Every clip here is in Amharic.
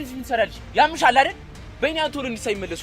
ቤታችን ትሰራለች። ያምሻል አይደል? በእኔ አንተ ወደ እንዲሳ ይመለሱ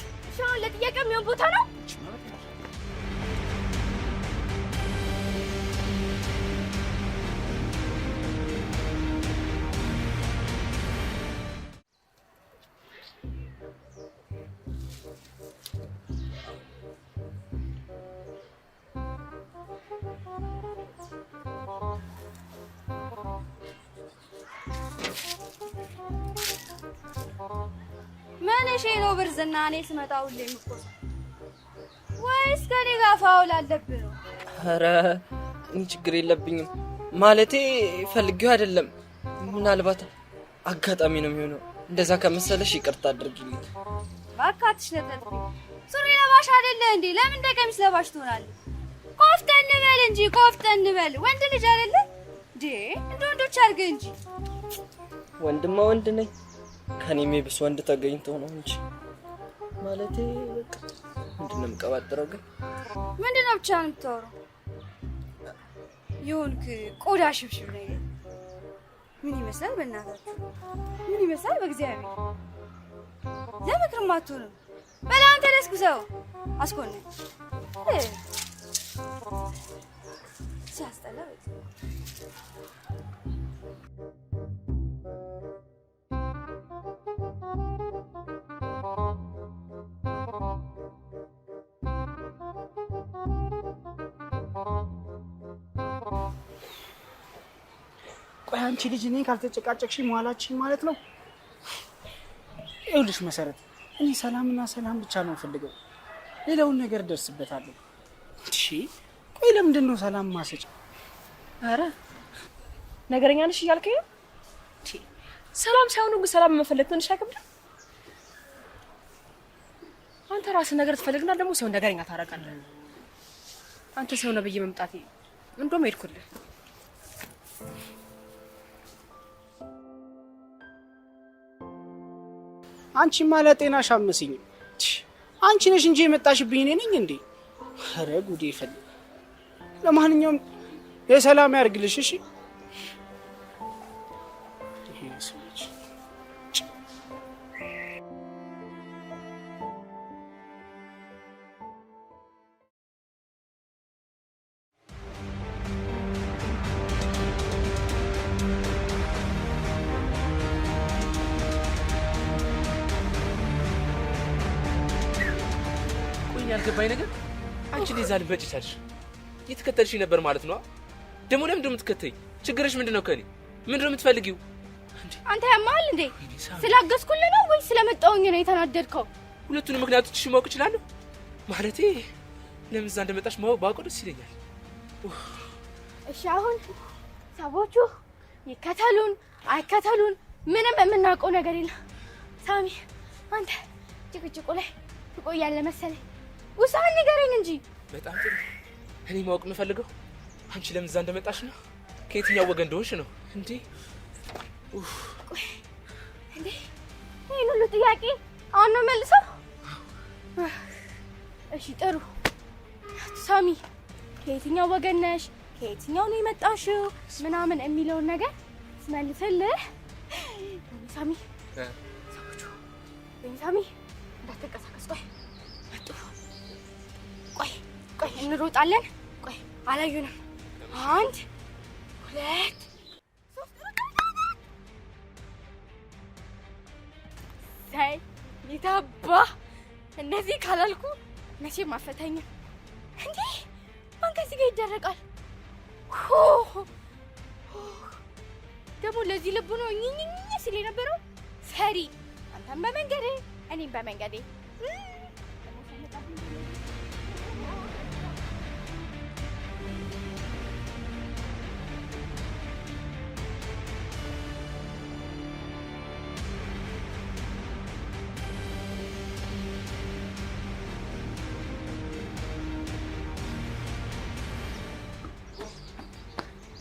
ትንሽ ነው ብርዝና እኔ ስመጣ ሁሌ ወይስ ከኔ ጋር ፋውል አለብህ? ኧረ እኔ ችግር የለብኝም። ማለቴ ፈልጌው አይደለም። ምናልባት አጋጣሚ ነው የሚሆነው። እንደዛ ከመሰለሽ ይቅርታ አድርጊልኝ። ባካትሽ ለጠጥ ሱሪ ለባሽ አይደለ እንዴ? ለምን እንደ ቀሚስ ለባሽ ትሆናለህ? ቆፍጠን በል እንጂ ቆፍጠን በል። ወንድ ልጅ አይደለ እንዴ? እንደ ወንዶች አድርገህ እንጂ። ወንድማ ወንድ ነኝ ከኔ የሚብስ ወንድ ተገኝቶ ነው እንጂ ማለት በቃ ምንድን ነው የምቀባጥረው? ግን ምንድን ነው ብቻ ነው የምታወራው? የሆንክ ቆዳ ሽብሽብ ነገር ምን ይመስላል? በእናታችሁ ምን ይመስላል? በእግዚአብሔር ለምክር አትሆንም። በል አንተ ደስኩ ሰው አስኮነ ሲያስጠላ ቆይ አንቺ ልጅ እኔ ካልተጨቃጨቅሽ መዋላችን ማለት ነው? ይኸውልሽ መሰረት፣ እኔ ሰላምና ሰላም ብቻ ነው ፈልገው፣ ሌላውን ነገር ደርስበታለሁ። እሺ ቆይ ለምንድን ነው ሰላም ማሰጫ? አረ ነገረኛ ነሽ እያልከኝ ነው ሰላም ሳይሆን ግን ሰላም መፈለግ ትንሽ አይከብድም? አንተ ራስህ ነገር ትፈልግና ደግሞ ሰው ነገረኛ ታደርጋለህ። አንተ ሰው ነህ ብዬ መምጣቴ እንደውም ሄድኩልህ። ማለት ለጤናሽ አመስኝ። አንቺ ነሽ እንጂ የመጣሽብኝ እኔ ነኝ እንዴ? ኧረ ጉዴ ፈል ለማንኛውም የሰላም ያርግልሽ እሺ ከዛ ልበጭ ቻልሽ። እየተከተልሽ ነበር ማለት ነው። ደግሞ ለምንድን ነው የምትከተይ? ችግርሽ ምንድን ነው? ከኔ ምንድን ነው የምትፈልጊው? አንተ ያማል እንዴ? ስላገዝኩል ነው ወይ ስለመጣውኝ ነው የተናደድከው? ሁለቱንም ምክንያቶችሽ ማወቅ እችላለሁ? ማለት ለምን እዛ እንደመጣሽ ባውቅ ደስ ይለኛል። እሺ አሁን ሰዎቹ ይከተሉን አይከተሉን ምንም የምናውቀው ነገር የለም። ሳሚ አንተ ጭቅጭቁ ላይ ትቆያለህ መሰለኝ። ውሳኔ ንገረኝ እንጂ በጣም ጥሩ። እኔ ማወቅ የምፈልገው አንቺ ለምን እዛ እንደመጣሽ ነው፣ ከየትኛው ወገን እንደሆንሽ ነው። እንዴ እንዴ! ይህን ሁሉ ጥያቄ አሁን ነው መልሰው? እሺ ጥሩ። ሳሚ ከየትኛው ወገን ነሽ፣ ከየትኛው ነው የመጣሽው ምናምን የሚለውን ነገር ስመልስልህ፣ ሳሚ ሳሚ እንዳትንቀሳቀስ፣ ቆይ ቆይ ቆይ እንሮጣለን። ቆይ አላዩንም። አንድ ሁለት ሳይ ሊታባ እንደዚህ ካላልኩ መቼ አልፈታኝም። እንዴ ማን ከዚህ ጋር ይደረቃል? ደግሞ ለዚህ ልቡ ነው እኝኝኝ ሲል የነበረው ፈሪ። አንተም በመንገዴ እኔም በመንገዴ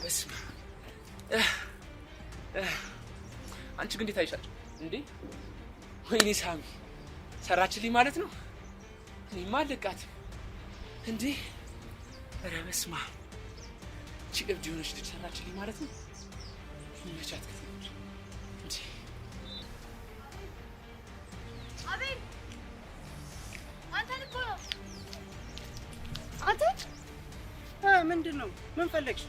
በስመ አንቺ ግን እንዴት አይሻል እንዴ? ወይኔ ሳሚ ሰራችልኝ ማለት ነው። እኔማ አለቃትም እንዴ! ኧረ በስመ አብ እቺ እብድ የሆነች ልጅ ሰራችልኝ ማለት ነው። ይመቻት እንዴ! አቤል አንተን እኮ ነው። አንተ ምንድን ነው? ምን ፈለግሽ?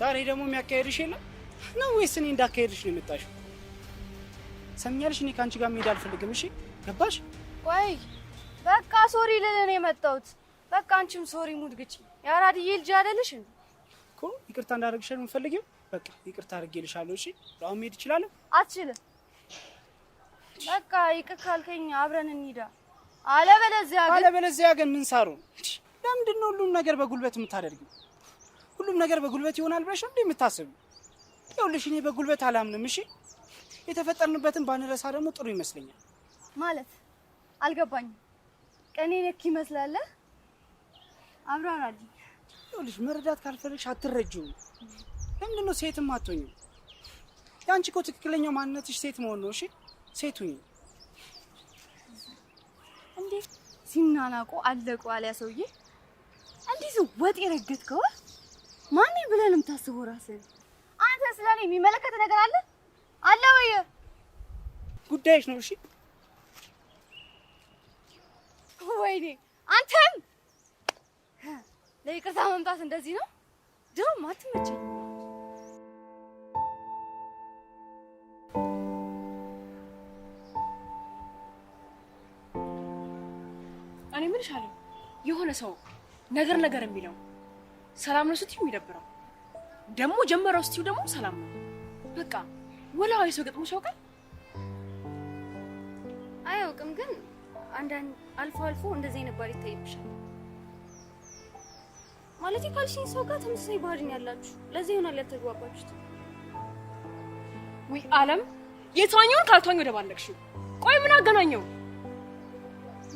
ዛሬ ደግሞ የሚያካሄድሽ የለም ነው ወይስ እኔ እንዳካሄድሽ ነው የመጣሽው? ሰሚያልሽ፣ እኔ ከአንቺ ጋር መሄድ አልፈልግም። እሺ ገባሽ? ቆይ በቃ ሶሪ ልልህ ነው የመጣሁት። በቃ አንቺም ሶሪ ሙድ ግጭ። የአራድዬ ልጅ አይደለሽ እኮ ይቅርታ እንዳደረግሽ ነው የምፈልጊው በቃ ይቅርታ አድርጌልሻለሁ። እሺ አሁን መሄድ እችላለሁ? አትችልም። በቃ ይቅር ካልከኝ አብረን እንሂዳ። አለበለዚያ ግን አለበለዚያ ግን ምን ሳሩ፣ ለምንድን ነው ሁሉም ነገር በጉልበት የምታደርጊው? ሁሉም ነገር በጉልበት ይሆናል ብለሽ ነው የምታስብ? ይኸውልሽ እኔ በጉልበት አላምንም። እሺ የተፈጠርንበትን ባንረሳ ደግሞ ጥሩ ይመስለኛል። ማለት አልገባኝም። ቀኔ ነክ ይመስላለህ? አብራራልኝ። ይኸውልሽ መረዳት ካልፈለግሽ አትረጂውም። ለምንድን ነው ሴትም አትሆኝም? የአንቺ እኮ ትክክለኛው ማንነትሽ ሴት መሆን ነው። እሺ ሴት ሁኚ። እንዴት ሲናናቁ አለቁ ያ ሰውዬ እንዲህ ወጥ የረገጥከው ማን ብለህ ነው የምታስበው ራስህ? አንተ ስለኔ የሚመለከት ነገር አለ አለ ወይ? ጉዳይሽ ነው። እሺ ወይኔ አንተም ለይቅርታ መምጣት እንደዚህ ነው። ድሮም አትመቸኝ። እኔ ምንሽ አለው የሆነ ሰው ነገር ነገር የሚለው ሰላም ነው ስትዩ ይደብራል። ደግሞ ጀመረው ስትዩ ደግሞ ሰላም ነው። በቃ ወላዋ የሰው ገጥሞ ያውቃል? አያውቅም፣ ግን አንዳንድ አልፎ አልፎ እንደዚህ አይነት ባህሪ ይታይብሻል። ማለት ካልሽኝ ሰው ጋር ተመሳሳይ ባህሪ ነው ያላችሁ። ለዚህ ይሆናል ያልተግባባችሁት። ውይ አለም፣ የተዋኘውን ካልተዋኘ ወደ ቆይ ምን አገናኘው?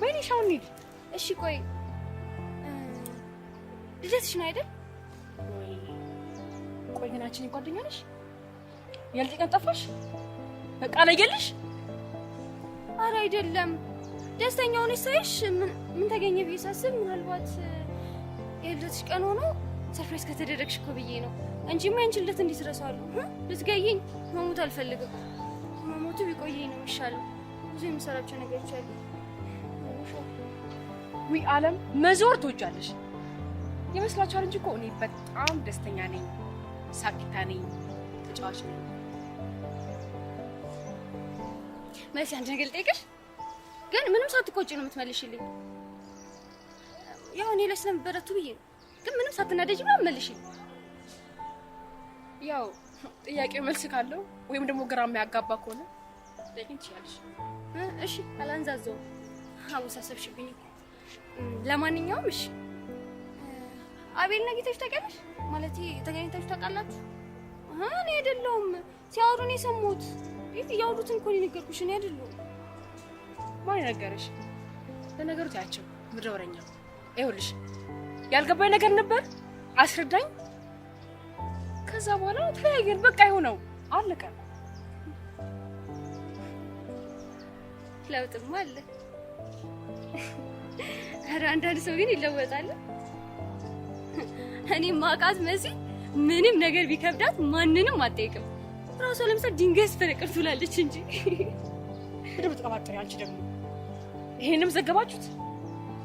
በይኔ ሻውን ሂድ። እሺ ቆይ ልደትሽ ነው አይደል? ቆይ ግን አንቺ ጓደኛ ነሽ? ያልጠ ቀን ጠፋሽ? በቃ ነገርልሽ። አረ አይደለም፣ ደስተኛ ሆነሽ ሳይሽ ምን ተገኘ ብዬ ሳስብ ምናልባት የልደትሽ ቀን ሆኖ ሰርፕራይዝ ከተደረግሽ እኮ ብዬ ነው እንጂማ ያንቺን ልደት እንዴት እረሳዋለሁ? ልትገይኝ መሞት አልፈልግም። መሞቱ ቢቆየኝ ነው የሚሻለው። ብዙ የምሰራቸው ነገሮች አሉ። ዊ አለም መዞር ትወጃለሽ ይመስላችኋል እንጂ እኮ እኔ በጣም ደስተኛ ነኝ፣ ሳቂታ ነኝ፣ ተጫዋች ነኝ። መሲ አንድ ነገር ልጠይቅሽ፣ ግን ምንም ሳትቆጪ ነው የምትመልሽልኝ። ያው እኔ ላይ ስለምበረቱ ብዬ ግን ምንም ሳትናደጂ ምናምን መልሽልኝ። ያው ጥያቄው መልስ ካለው ወይም ደግሞ ግራ የሚያጋባ ከሆነ ጠይቅን ትችላለሽ። እሺ አላንዛዘው አወሳሰብሽብኝ። ለማንኛውም እሺ አቤልና ጌታሽ ታውቂያለሽ? ማለት ተገናኝታችሁ ታውቃላችሁ? እኔ አይደለሁም ሲያወሩ ነው የሰማሁት። ይህ እያወሩትን እኮ ነው የነገርኩሽ። እኔ አይደለሁም። ማን ነገረሽ? ለነገሩ ታያቸው ምድረ ወረኛ። ይኸውልሽ ያልገባኝ ነገር ነበር፣ አስረዳኝ። ከዛ በኋላ ተለያየን። በቃ ይሆነው አለቀ። ለውጥማ አለ። ኧረ አንዳንድ ሰው ግን ይለወጣል። እኔ ማቃት መሲ ምንም ነገር ቢከብዳት ማንንም አጠይቅም። ራሷ ለምሳ ድንጋይ ስፈነቅር ትውላለች እንጂ ምድብ ትቀባጥሪ። አንቺ ደግሞ ይሄንም ዘገባችሁት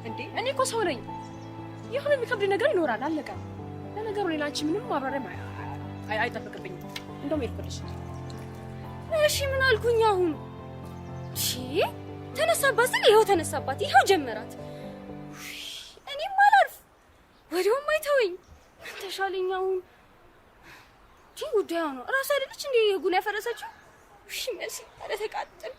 እንዴ? እኔ እኮ ሰው ነኝ። የሆነ የሚከብድ ነገር ይኖራል። አለቀ። ለነገሩ ሌላ አንቺ ምንም ማብራሪያ አይጠበቅብኝም። እንደውም ይልፈልሽ። እሺ ምን አልኩኝ አሁን? ተነሳባት፣ ስለ ይኸው ተነሳባት፣ ይኸው ጀመራት። ወዲያውም አይተውኝ ተሻለኝ። አሁን ግን ጉዳዩ ነው እራሱ አይደለች እንዴ የጉን ያፈረሰችው? እሺ መልስ አለ ተቃጥል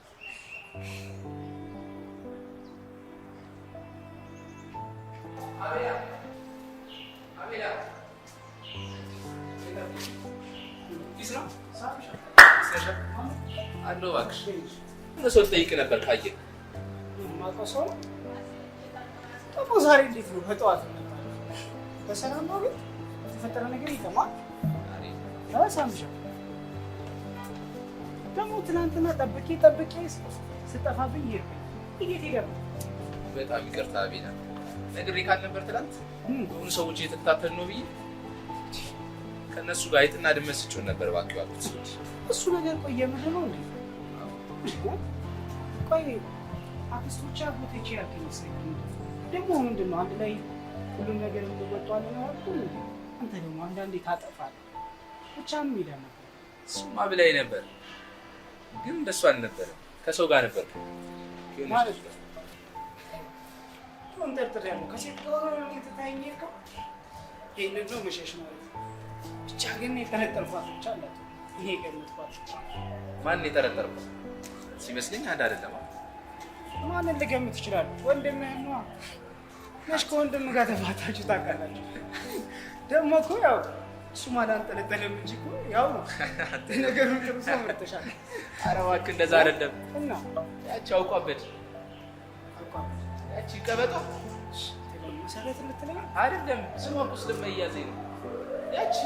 አለው እባክሽ ሰው ትጠይቅ ነበር ካየ ዛሬ እንዴት ነው በጠዋት በሰላም ነው ግን የተፈጠረ ነገር የለም። ሳምሻ ደግሞ ትናንትና ጠብቄ ጠብቄ ስጠፋብኝ ሄድኩኝ። እንዴት ይገርም። በጣም ይቅርታ ቤና ነግሬ ካልነበር ትናንት ሁሉ ሰዎች እየተከታተሉ ነው ብዬ ከእነሱ ጋር አይጥና ድመት ነበር። እባክህ ያሉት እሱ ነገር ቆየ። ምንድን ነው እንዴ? ቆይ አክስቶች አጎቶቼ ያልከኝ ደግሞ ምንድን ነው አንድ ላይ ሁሉም ነገር የምንወጣው ነው። አንተ ደግሞ አንዳንዴ ታጠፋለህ። ብቻም ይለ ነበር እሱማ ብላኝ ነበር፣ ግን እንደሱ አልነበረም። ከሰው ጋር ነበር ማለት ነው። እንጠርጥሬያለሁ። ብቻ ግን ማን የጠረጠርኩት ሲመስለኝ አንድ አይደለም። ማንን ልገምት እችላለሁ? ወንድምህን ነዋ መች ከወንድም ጋር ተፋታችሁ ታውቃላችሁ? ደግሞ እኮ ያው እሱም አላንጠለጠለም እንጂ እኮ ያው ነገሩን ጥሩ ሰው መርጠሻል። ኧረ እባክህ እንደዛ አይደለም። እና ያቺ አውቋበት ያቺ ቀበጦ መሰረት የምትለኝ አይደለም። ስሟ እኮ ስለማያዘኝ ነው። ያቺ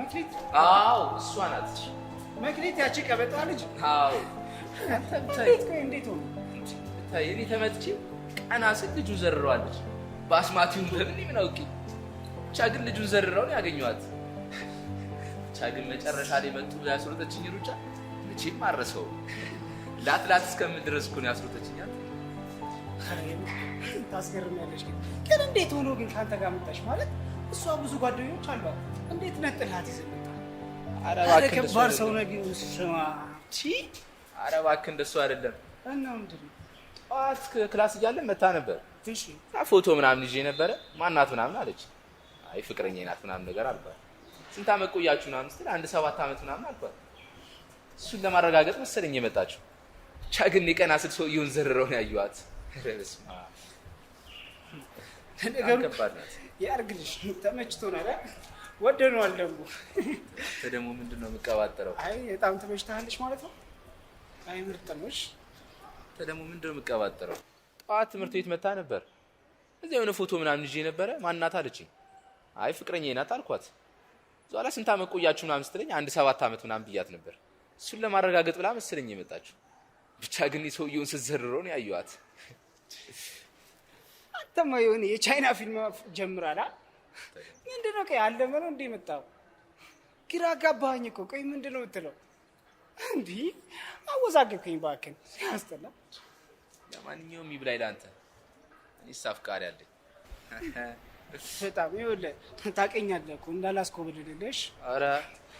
መክሊት፣ አዎ እሷ ናት መክሊት፣ ያቺ ቀበጧ ልጅ። አዎ እንዴት ሆነ? እኔ ተመትቼ ቀና ስል ልጁ ዘርሯለች። በአስማቲውን በምን ምን አውቂ ብቻ ግን ልጁን ዘርረውን ያገኘዋት ብቻ ግን መጨረሻ ላይ መጡ ያስሮጠችኝ ሩጫ መቼም አረሰው ላትላት እስከምድረስ እኮ ነው ያስሮጠችኛት። ታስገርሚያለች። ግን ግን እንዴት ሆኖ ግን ከአንተ ጋር መጣሽ? ማለት እሷ ብዙ ጓደኞች አሏት። እንዴት ነጥላት ይዘ አረ ኧረ ከባድ ሰው ግን ስማ። ቺ አረ እባክህ እንደሱ አይደለም። እና ምንድን ነው ጠዋት ክላስ እያለን መታ ነበር ፎቶ ምናምን ይዤ ነበረ። ማናት ምናምን አለች። አይ ፍቅረኛ ናት ምናምን ነገር አልኳት። ስንት ዓመት ቆያችሁ ምናምን ስትል አንድ ሰባት ዓመት ምናምን አልኳት። እሱን ለማረጋገጥ መሰለኝ የመጣችው። ብቻ ግን የቀና ስል ሰውየውን ዘርረው ነው ያዩዋት። ነገሩ ያርግልሽ። ተመችቶናል፣ ወደነዋል። ደግሞ ደግሞ ምንድን ነው የምቀባጠረው? አይ በጣም ተመችታለች ማለት ነው። አይ ምርጥ ነሽ። ደግሞ ምንድን ነው የምቀባጠረው? ጠዋት ትምህርት ቤት መታ ነበር። እዚ የሆነ ፎቶ ምናምን ይዤ ነበረ። ማናት አለችኝ። አይ ፍቅረኛዬ ናት አልኳት። ኋላ ስንት መቆያችሁ ቆያችሁ ምናምን ስትለኝ አንድ ሰባት አመት ምናምን ብያት ነበር። እሱን ለማረጋገጥ ብላ መሰለኝ የመጣችሁ። ብቻ ግን ሰውየውን ስትዘርረውን ያየዋት አተማ የሆነ የቻይና ፊልም ጀምራላ። ምንድነው ነው ቆይ አለመ ነው እንደ ግራ ጋባኝ እኮ። ቆይ ምንድነው የምትለው? እንዲህ አወዛገብከኝ እባክህን፣ ያስጠላ ማንኛውም ይብላኝ ለአንተ። እኔስ አፍቃሪ አለኝ በጣም ይኸውልህ፣ ታውቀኛለህ እኮ እንዳላስኮብልልሽ። ኧረ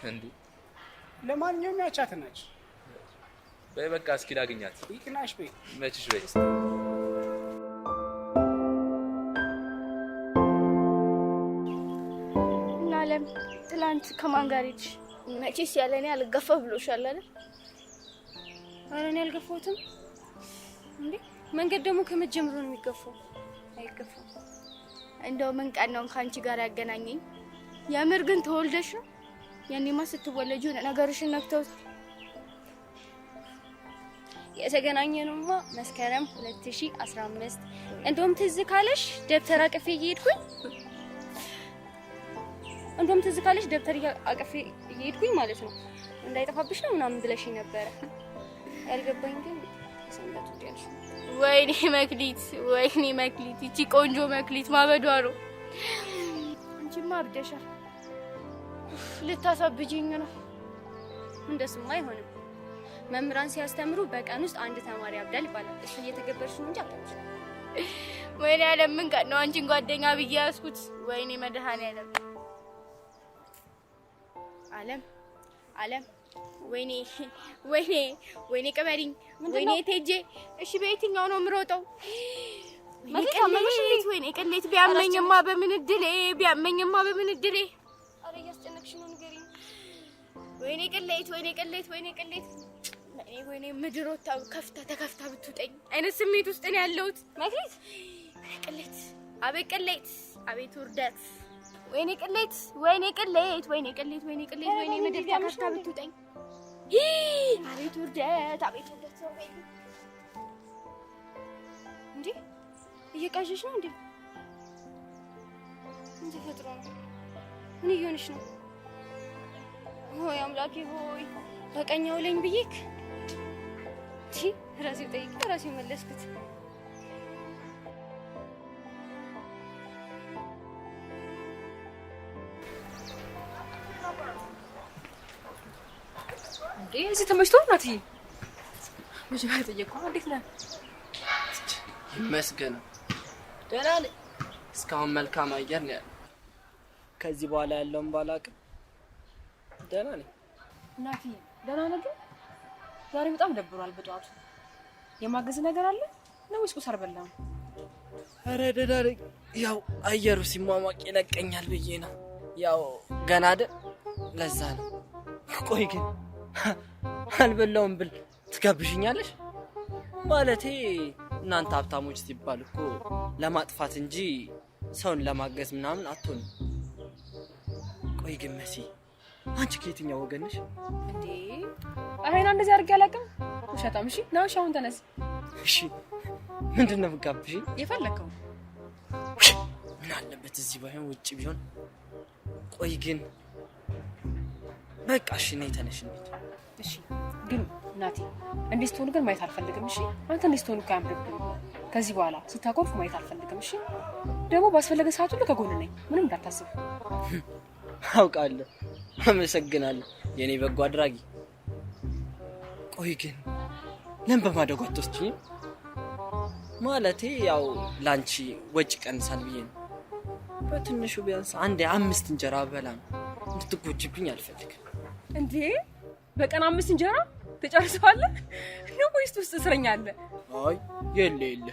እንዱ ለማንኛውም ያቻት ናች። በይ በቃ እስኪ ላግኛት። ይቅናሽ በይ መችሽ በይ እናለም ትላንት ከማን ጋር ሄድሽ? መቼስ ያለ እኔ አልገፋ ብሎሻል አይደል? አረ እኔ አልገፋሁትም እንዴ መንገድ ደግሞ ከመጀመሩ ነው የሚገፋው። አይገፋም። እንደው ምን ቀን ነው ከአንቺ ጋር ያገናኘኝ? የምር ግን ተወልደሽ ነው? ያኔማ ስትወለጅ ሆነ ነገርሽን ነክተውት የተገናኘንማ መስከረም 2015 እንደውም ትዝ ካለሽ ደብተር አቅፌ እየሄድኩኝ እንደውም ትዝ ካለሽ ደብተር አቅፌ እየሄድኩኝ ማለት ነው እንዳይጠፋብሽ ነው ምናምን ብለሽኝ ነበረ። ያልገባኝ ግን ከሁለት ወዲያ ወይኔ መክሊት፣ ወይኔ መክሊት፣ ይቺ ቆንጆ መክሊት ማበዷ ነው። አንቺማ አብደሻል። ልታሳብጂኝ ነው። እንደሱማ አይሆንም። መምህራን ሲያስተምሩ በቀን ውስጥ አንድ ተማሪ አብዳል ይባላል። እሱ እየተገበርሽ ነው እንጂ አታውቅሽ። ወይኔ ዓለም ምን ቀን ነው አንቺን ጓደኛ ብዬ ያዝኩት? ወይኔ መድኃኔዓለም ዓለም ዓለም ወይኔ ወይኔ ወይኔ ቅበሪኝ፣ ወይኔ ቴጄ። እሺ በየትኛው ነው የምሮጠው? ወይኔ ቅሌት ቢያመኝማ በምን እድሌ ቢያመኝማ በምን እድሌ። ኧረ እያስጨነቅሽ ነው ንገሪኝ። ወይኔ ቅሌት ወይኔ ቅሌት ወይኔ ቅሌት ወይኔ ምድር ወታ ከፍታ ተከፍታ ብትውጠኝ አይነት ስሜት ውስጥ ነው ያለሁት። መክሊት ቅሌት፣ አቤት ቅሌት፣ አቤት ውርደት። ወይኔ ቅሌት ወይኔ ቅሌት ወይኔ ቅሌት ወይኔ ቅሌት ወይኔ ምድር ተከፍታ ብትውጠኝ አቤት ውርደት! አቤት ውርደት! ሰው እንዴ እየቃዠሽ ነው እንዴ? ምን ተፈጥሮ ነው? ምን እየሆንሽ ነው? ሆይ አምላኬ ሆይ በቀኛው ለኝ ብዬክ ራሴ ጠይቄ ራሴ መለስኩት። እንዴ እዚህ ተመችቶ ናት። መጀመሪያ ጠየቅኩ። እንዴት ነህ? ይመስገን ደህና ነኝ። እስካሁን መልካም አየር ነው ያለው። ከዚህ በኋላ ያለውን ባላውቅም ደህና ነኝ። ናቲ ደህና ነህ? ግን ዛሬ በጣም ደብሯል። በጠዋቱ የማገዝ ነገር አለ ነው ወይስ ቁስ አልበላም? ኧረ ደህና ነኝ። ያው አየሩ ሲሟሟቅ ይለቀኛል ብዬ ነው። ያው ገና አይደል? ለዛ ነው። ቆይ ግን አልበላውም ብል ትጋብዥኛለሽ? ማለቴ እናንተ ሀብታሞች ሲባል እኮ ለማጥፋት እንጂ ሰውን ለማገዝ ምናምን አትሆንም። ቆይ ግን መሲ አንቺ ከየትኛው ወገንሽ እንዴ? አይና እንደዚህ አድርጌ አላውቅም። ውሸታም። እሺ ና፣ እሺ፣ አሁን ተነስ። እሺ፣ ምንድን ነው የምትጋብዥ? የፈለከው ምን አለበት እዚህ ባይሆን ውጭ ቢሆን። ቆይ ግን በቃ እሺ፣ ነይ ተነሽ እንሂድ እሺ ግን እናቴ እንዴት ስትሆኑ ግን ማየት አልፈልግም። እሺ አንተ እንዴት ስትሆኑ አያምርብኝ። ከዚህ በኋላ ስታቆርፍ ማየት አልፈልግም። እሺ ደግሞ ባስፈለገ ሰዓት ሁሉ ከጎን ነኝ፣ ምንም እንዳታስብ። አውቃለሁ። አመሰግናለሁ የእኔ በጎ አድራጊ። ቆይ ግን ለምን በማደጎ አትወስጂኝም? ማለቴ ያው ላንቺ ወጪ ቀንሳል ብዬ ነው። በትንሹ ቢያንስ አንድ አምስት እንጀራ በላ ነው። እንድትጎጅብኝ አልፈልግም። እንዴ በቀን አምስት እንጀራ ትጨርሰዋለህ ነው ወይስ ውስጥ እስረኛ አለ? አይ የለ የለ፣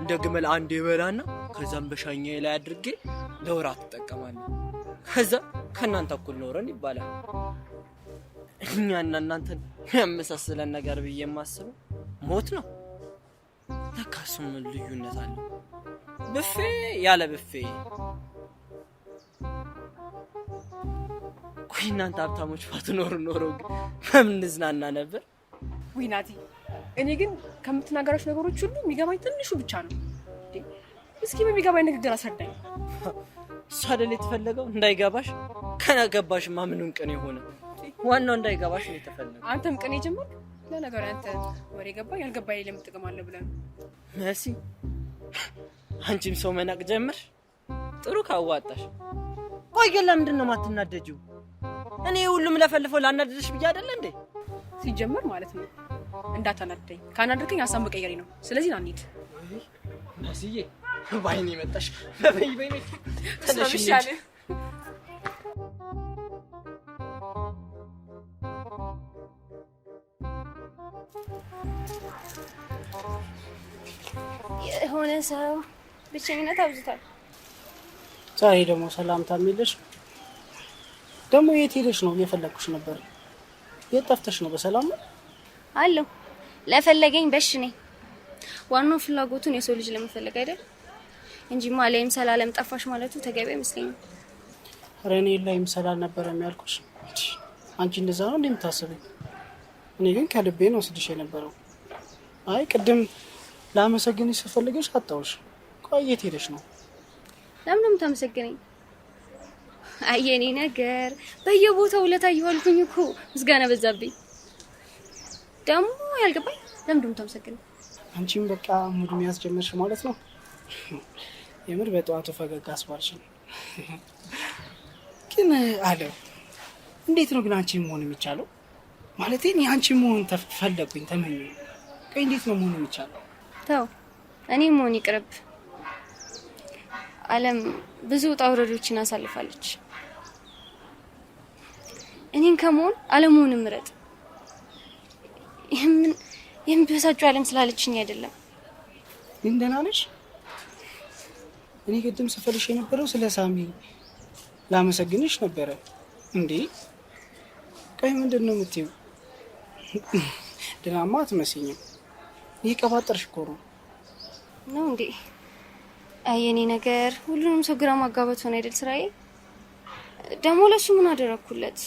እንደ ግመል አንድ የበላና ከዛም በሻኛ ላይ አድርጌ ለወራት ትጠቀማለህ። ከዛ ከእናንተ እኩል ኖረን ይባላል። እኛና እናንተን የሚያመሳስለን ነገር ብዬ የማስበው ሞት ነው። ለካ ልዩነት አለ። ብፌ ያለ ብፌ እኮ እናንተ ሀብታሞች ባትኖሩ ኖሮ በምንዝናና ነበር። ዊናቲ እኔ ግን ከምትናገራች ነገሮች ሁሉ የሚገባኝ ትንሹ ብቻ ነው። እስኪ በሚገባኝ ንግግር አስረዳኝ። እሷ አይደል የተፈለገው? እንዳይገባሽ ከነገባሽ ማ ምንም ቅን የሆነ ዋናው እንዳይገባሽ ነው የተፈለገው። አንተም ቅን የጀመርክ ለነገር አንተ ወሬ ገባ ያልገባ የለም ጥቅም አለ ብለህ መሲ። አንቺም ሰው መናቅ ጀምር። ጥሩ ካዋጣሽ ቆየ። ለምንድን ነው ማትናደጂው? እኔ ሁሉም ለፈልፈው ላናደድሽ ብዬ አይደለ እንዴ? ሲጀመር ማለት ነው እንዳታናደኝ። ካናደርከኝ ሀሳብ መቀየሪ ነው። ስለዚህ ና እንሂድ። መስዬ ባይኔ መጣሽ። በይ በይ በይ ተነሽ የሆነ ሰው ብቸኝነት አብዝቷል። ዛሬ ደግሞ ሰላምታ የሚልሽ ደግሞ የት ሄደሽ ነው? እየፈለግኩሽ ነበር። የት ጠፍተሽ ነው? በሰላም ነው አለሁ። ለፈለገኝ በሽ ነኝ። ዋናው ፍላጎቱን የሰው ልጅ ለመፈለግ አይደል እንጂማ ላይም ሰላለም ጠፋሽ ማለቱ ተገቢ አይመስለኝም። ረኔ እኔ ላይም ሰላል ነበር የሚያልኩሽ። አንቺ እንደዛ ነው እንደምታስበኝ። እኔ ግን ከልቤ ነው ስድሽ የነበረው። አይ ቅድም ላመሰግንሽ ስፈልገሽ አጣውሽ። ቆይ የት ሄደሽ ነው? ለምን ነው የምታመሰግነኝ? አየኔ ነገር በየቦታው ውለታ እየዋልኩኝ እኮ ምስጋና በዛብኝ። ደግሞ ያልገባኝ ለምንድን ነው የምታመሰግነው? አንቺም በቃ ሙድ የሚያስጀመርሽ ማለት ነው። የምር በጠዋቱ ፈገግ አስባልሽ ግን አለው እንዴት ነው ግን አንቺ መሆን የሚቻለው? ማለት እኔ አንቺ መሆን ተፈለግኩኝ ተመኝ። ቀይ እንዴት ነው መሆን የሚቻለው? ተው እኔ መሆን ይቅርብ። አለም ብዙ ውጣ ውረዶችን አሳልፋለች። እኔን ከመሆን አለመሆን ምረጥ። ይህምን ይህም በሳጩ ዓለም ስላለችኝ አይደለም። ግን ደህና ነሽ? እኔ ቅድም ስፈልሽ የነበረው ስለ ሳሚ ላመሰግንሽ ነበረ። እንዴ ቆይ ምንድን ነው የምትይው? ደህናማ አትመስኝም። ይህ ቀባጠርሽ እኮ ነው ነው እንዴ? አይ የኔ ነገር ሁሉንም ሰው ግራ ማጋባት ሆነ አይደል ስራዬ። ደግሞ ለሱ ምን አደረግኩለት?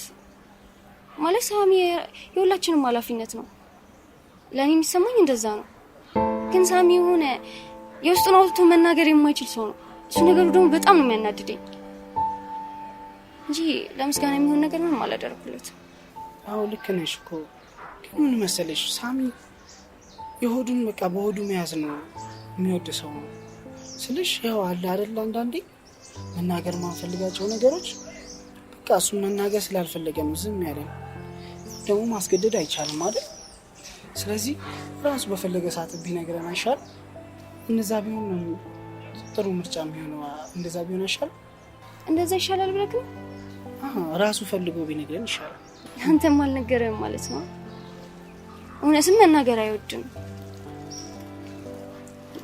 ማለት ሳሚ የሁላችንም ኃላፊነት ነው። ለእኔ የሚሰማኝ እንደዛ ነው። ግን ሳሚ የሆነ የውስጡን አውጥቶ መናገር የማይችል ሰው ነው። እሱ ነገሩ ደግሞ በጣም ነው የሚያናድደኝ እንጂ ለምስጋና የሚሆን ነገር ምንም አላደረኩለትም። አዎ ልክ ነሽ እኮ ግን ምን መሰለሽ ሳሚ የሆዱን በቃ በሆዱ መያዝ ነው የሚወድ ሰው ነው ስልሽ፣ ያው አለ አይደል አንዳንዴ መናገር ማንፈልጋቸው ነገሮች በቃ እሱን መናገር ስላልፈለገም ዝም ያለ ነው። ደግሞ ማስገደድ አይቻልም ማለት ስለዚህ ራሱ በፈለገ ሰዓት ቢነግረን አይሻል? እንደዛ ቢሆን ጥሩ ምርጫ የሚሆነው እንደዛ ቢሆን አይሻል? እንደዛ ይሻላል ብለህ ግን ራሱ ፈልጎ ቢነግረን ይሻላል። አንተም አልነገረም ማለት ነው። እውነትም መናገር አይወድም።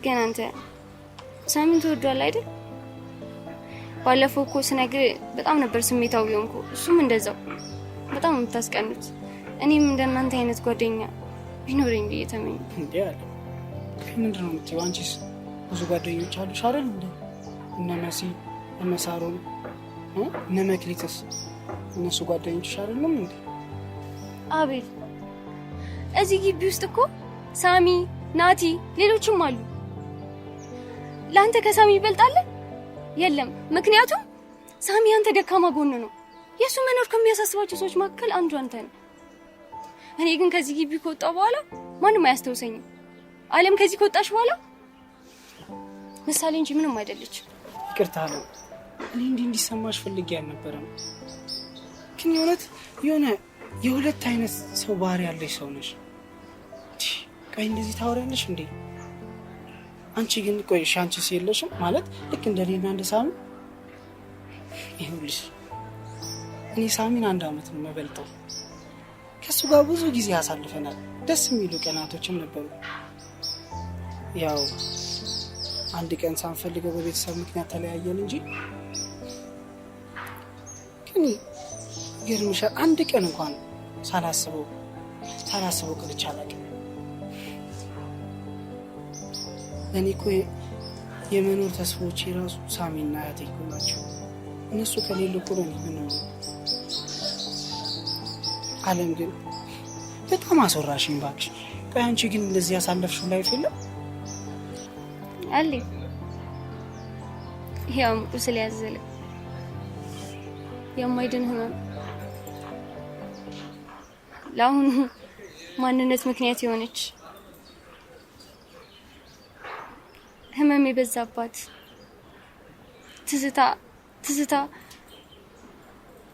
ግን አንተ ሳሚን ትወዷል አይደል? ባለፈው እኮ ስነግር በጣም ነበር ስሜታዊ ሆንኩ። እሱም እንደዛው በጣም የምታስቀኑት እኔም እንደናንተ አይነት ጓደኛ ቢኖረኝ ብዬ ተመኝ እንዲ አለ። ምንድ ነው የምትይው? አንቺስ ብዙ ጓደኞች አሉሽ አይደል? እንደ እነ መሲ እነ ሳሮን እነ መክሊትስ እነሱ ጓደኞችሽ አይደሉም እንዴ? አቤል፣ እዚህ ግቢ ውስጥ እኮ ሳሚ፣ ናቲ፣ ሌሎችም አሉ። ለአንተ ከሳሚ ይበልጣል? የለም። ምክንያቱም ሳሚ አንተ ደካማ ጎን ነው። የእሱ መኖር ከሚያሳስባቸው ሰዎች መካከል አንዱ አንተ ነው። እኔ ግን ከዚህ ግቢ ከወጣሁ በኋላ ማንም አያስታውሰኝም። አለም ከዚህ ከወጣሽ በኋላ ምሳሌ እንጂ ምንም አይደለች። ይቅርታ ነው እኔ እንዲህ እንዲሰማሽ ፈልጌ አልነበረም። ግን የእውነት የሆነ የሁለት አይነት ሰው ባህሪ ያለሽ ሰው ነሽ። ቆይ እንደዚህ ታወሪያለሽ እንዴ? አንቺ ግን ቆይ አንቺስ የለሽም ማለት ልክ እንደ እንደ ሳሚ ይኸውልሽ፣ እኔ ሳሚን አንድ አመት ነው የምበልጠው ከእሱ ጋር ብዙ ጊዜ አሳልፈናል። ደስ የሚሉ ቀናቶችም ነበሩ። ያው አንድ ቀን ሳንፈልገው በቤተሰብ ምክንያት ተለያየን እንጂ ግን ይገርምሻል፣ አንድ ቀን እንኳን ሳላስበው ሳላስበው ቀርቼ አላውቅም። እኔ እኮ የመኖር ተስፋዎች የራሱ ሳሚና ያቴኩ ናቸው። እነሱ ከሌሉ እኮ ነው የምኖረው። አለም ግን በጣም አስወራሽኝ እባክሽ። ቆይ አንቺ ግን እንደዚህ ያሳለፍሽው ላይፍ የለም አለ ያው ቁስል ያዘለ የማይድን ህመም ለአሁኑ ማንነት ምክንያት የሆነች ህመም የበዛባት ትዝታ ትዝታ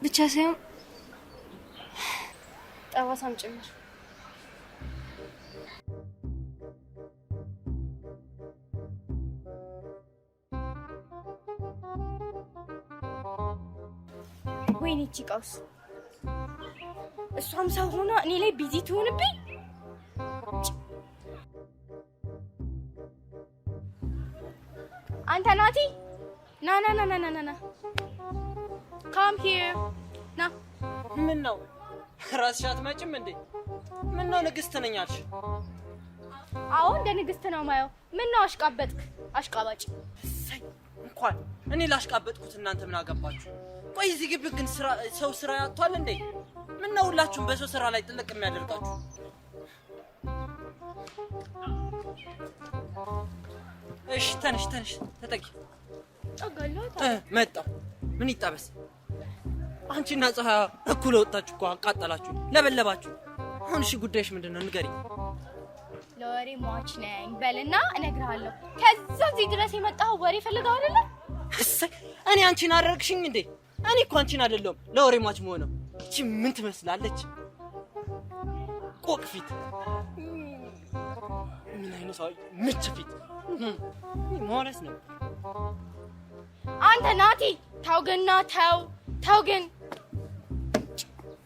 ብቻ ሳይሆን ጠባሳም ጭምር። ወይኔ ይቺ ቀውስ! እሷም ሰው ሆና እኔ ላይ ቢዚ ትሆንብኝ። አንተ ናቲ ና ና ና ና ና ካም ሂር ና ምን ነው ራስሽ አትመጭም እንዴ? ምን ነው ንግስት ነኝ አልሽ? አዎ እንደ ንግስት ነው ማየው። ምን ነው አሽቃበጥክ? አሽቃባጭ እሰይ። እንኳን እኔ ላሽቃበጥኩት እናንተ ምን አገባችሁ? ቆይ እዚህ ግቢ ግን ስራ ሰው ስራ ያጥቷል እንዴ? ምን ነው ሁላችሁም በሰው ስራ ላይ ጥልቅ የሚያደርጋችሁ? እሺ ተንሽ ተንሽ ተጠቂ። ጠጋለሁ። መጣ ምን ይጣበስ አንቺና ፀሐያ እኩል ወጣችሁ እኮ አቃጠላችሁ፣ ለበለባችሁ። አሁን እሺ ጉዳይሽ ምንድን ነው? ንገሪኝ። ለወሬ ሟች ነኝ በልና እነግርሃለሁ። ከዛ እዚህ ድረስ የመጣው ወሬ ፈልገው አይደለ? እሰይ እኔ አንቺን አደረግሽኝ እንዴ? እኔ እኮ አንቺን አይደለሁም ለወሬ ሟች መሆነው። እቺ ምን ትመስላለች? ቆቅ ፊት፣ ምን አይነት ሰው ምች ፊት ማለት ነው። አንተ ናቲ፣ ተው ተው ተው ግን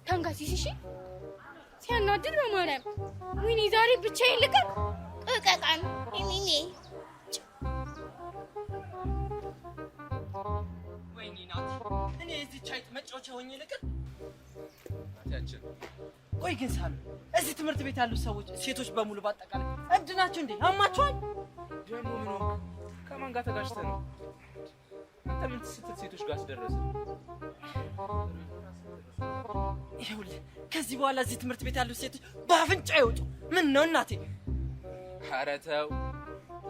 ታንጋሲስ እሺ። ሲያናድር በማርያም ወይኔ፣ ዛሬ ብቻዬን ልቀቅ እቀቃም እኔ ቆይ ግን ሳሚ፣ እዚህ ትምህርት ቤት ያሉት ሰዎች ሴቶች በሙሉ በአጠቃላይ እብድ ናቸው እንዴ? አማቸዋል ደግሞ? ምን ከማን ጋር ተጋጭተህ ነው? አንተ ምን ስትት ሴቶች ጋር አስደረሰ? ይኸውልህ ከዚህ በኋላ እዚህ ትምህርት ቤት ያሉት ሴቶች በአፍንጫ ይወጡ። ምን ነው እናቴ? ኧረ ተው።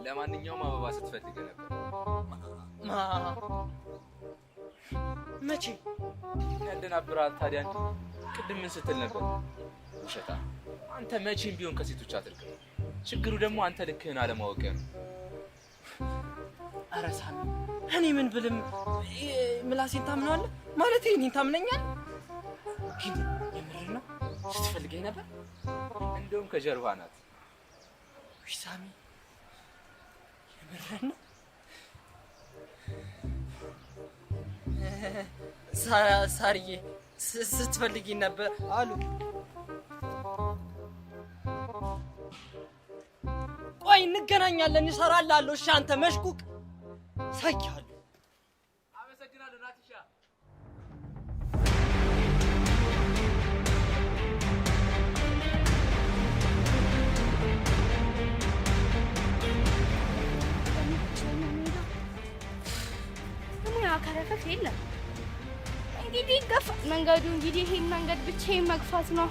ለማንኛውም አበባ ስትፈልግ ነበር። መቼ ያደናብራል ታዲያ? ቅድም ምን ስትል ነበር? ውሸታ አንተ መቼም ቢሆን ከሴቶች አትርቅም። ችግሩ ደግሞ አንተ ልክህን አለማወቅ ነው። አረሳ እኔ ምን ብልም ምላሴን ታምነዋለ ማለት እኔን ታምነኛል? ግን የምር ነው ስትፈልገኝ ነበር። እንደውም ከጀርባ ናት። ሳሚ የምር ነው ሳርዬ ስትፈልጊ ነበር አሉ። ቆይ እንገናኛለን፣ ይሰራል አለው። እሺ አንተ መሽኩቅ ሳይቻለሁ። አመሰግናለሁ ናቲሻ። ከረፈፍ የለም እንግዲህ ይገፋል መንገዱ። እንግዲህ ይሄን መንገድ ብቻዬን መግፋት ነው።